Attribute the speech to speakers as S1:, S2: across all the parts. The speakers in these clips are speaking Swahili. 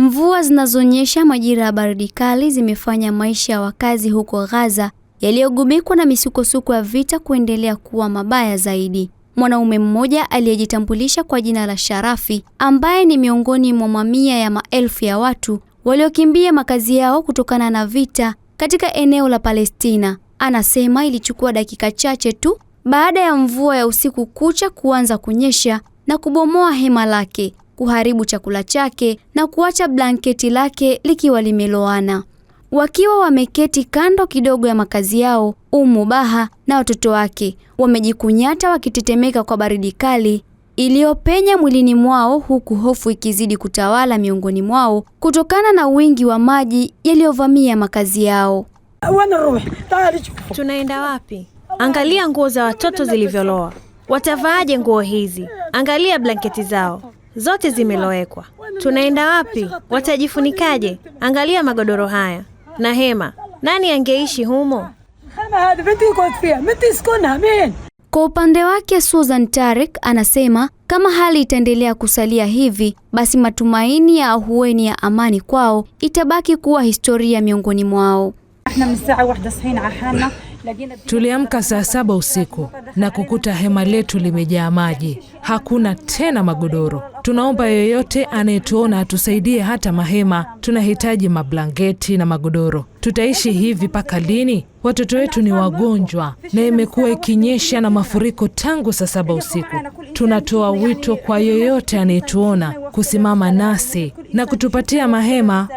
S1: Mvua zinazonyesha majira ya baridi kali zimefanya maisha ya wakazi huko Gaza yaliyogubikwa na misukosuko ya vita kuendelea kuwa mabaya zaidi. Mwanaume mmoja aliyejitambulisha kwa jina la Sharafi, ambaye ni miongoni mwa mamia ya maelfu ya watu waliokimbia makazi yao kutokana na vita katika eneo la Palestina, anasema ilichukua dakika chache tu baada ya mvua ya usiku kucha kuanza kunyesha na kubomoa hema lake kuharibu chakula chake na kuacha blanketi lake likiwa limeloana. Wakiwa wameketi kando kidogo ya makazi yao, Umu Baha na watoto wake wamejikunyata wakitetemeka kwa baridi kali iliyopenya mwilini mwao, huku hofu ikizidi kutawala miongoni mwao kutokana na wingi wa maji yaliyovamia makazi yao.
S2: Tunaenda wapi? Angalia nguo za watoto zilivyoloa. Watavaaje nguo hizi? Angalia blanketi zao zote zimelowekwa. Tunaenda wapi? Watajifunikaje? Angalia magodoro haya na hema, nani angeishi humo?
S1: Kwa upande wake Susan Tarek anasema kama hali itaendelea kusalia hivi, basi matumaini ya ahueni ya amani kwao itabaki kuwa historia miongoni mwao.
S3: Tuliamka saa saba usiku na kukuta hema letu limejaa maji, hakuna tena magodoro. Tunaomba yoyote anayetuona atusaidie hata mahema, tunahitaji mablangeti na magodoro. Tutaishi hivi mpaka lini? Watoto wetu ni wagonjwa na imekuwa ikinyesha na mafuriko tangu saa saba usiku. Tunatoa wito kwa yoyote anayetuona kusimama nasi na kutupatia mahema.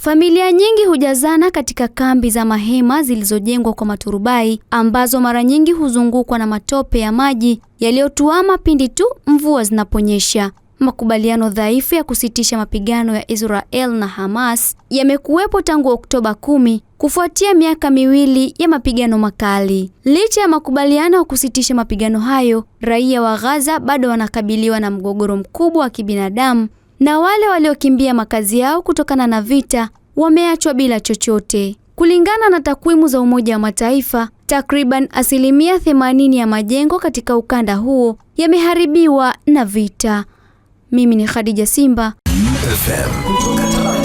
S1: Familia nyingi hujazana katika kambi za mahema zilizojengwa kwa maturubai ambazo mara nyingi huzungukwa na matope ya maji yaliyotuama pindi tu mvua zinaponyesha. Makubaliano dhaifu ya kusitisha mapigano ya Israel na Hamas yamekuwepo tangu Oktoba kumi kufuatia miaka miwili ya mapigano makali. Licha ya makubaliano ya kusitisha mapigano hayo, raia wa Gaza bado wanakabiliwa na mgogoro mkubwa wa kibinadamu na wale waliokimbia makazi yao kutokana na vita wameachwa bila chochote. Kulingana na takwimu za Umoja wa Mataifa, takriban asilimia 80 ya majengo katika ukanda huo yameharibiwa na vita. Mimi ni Khadija Simba FM.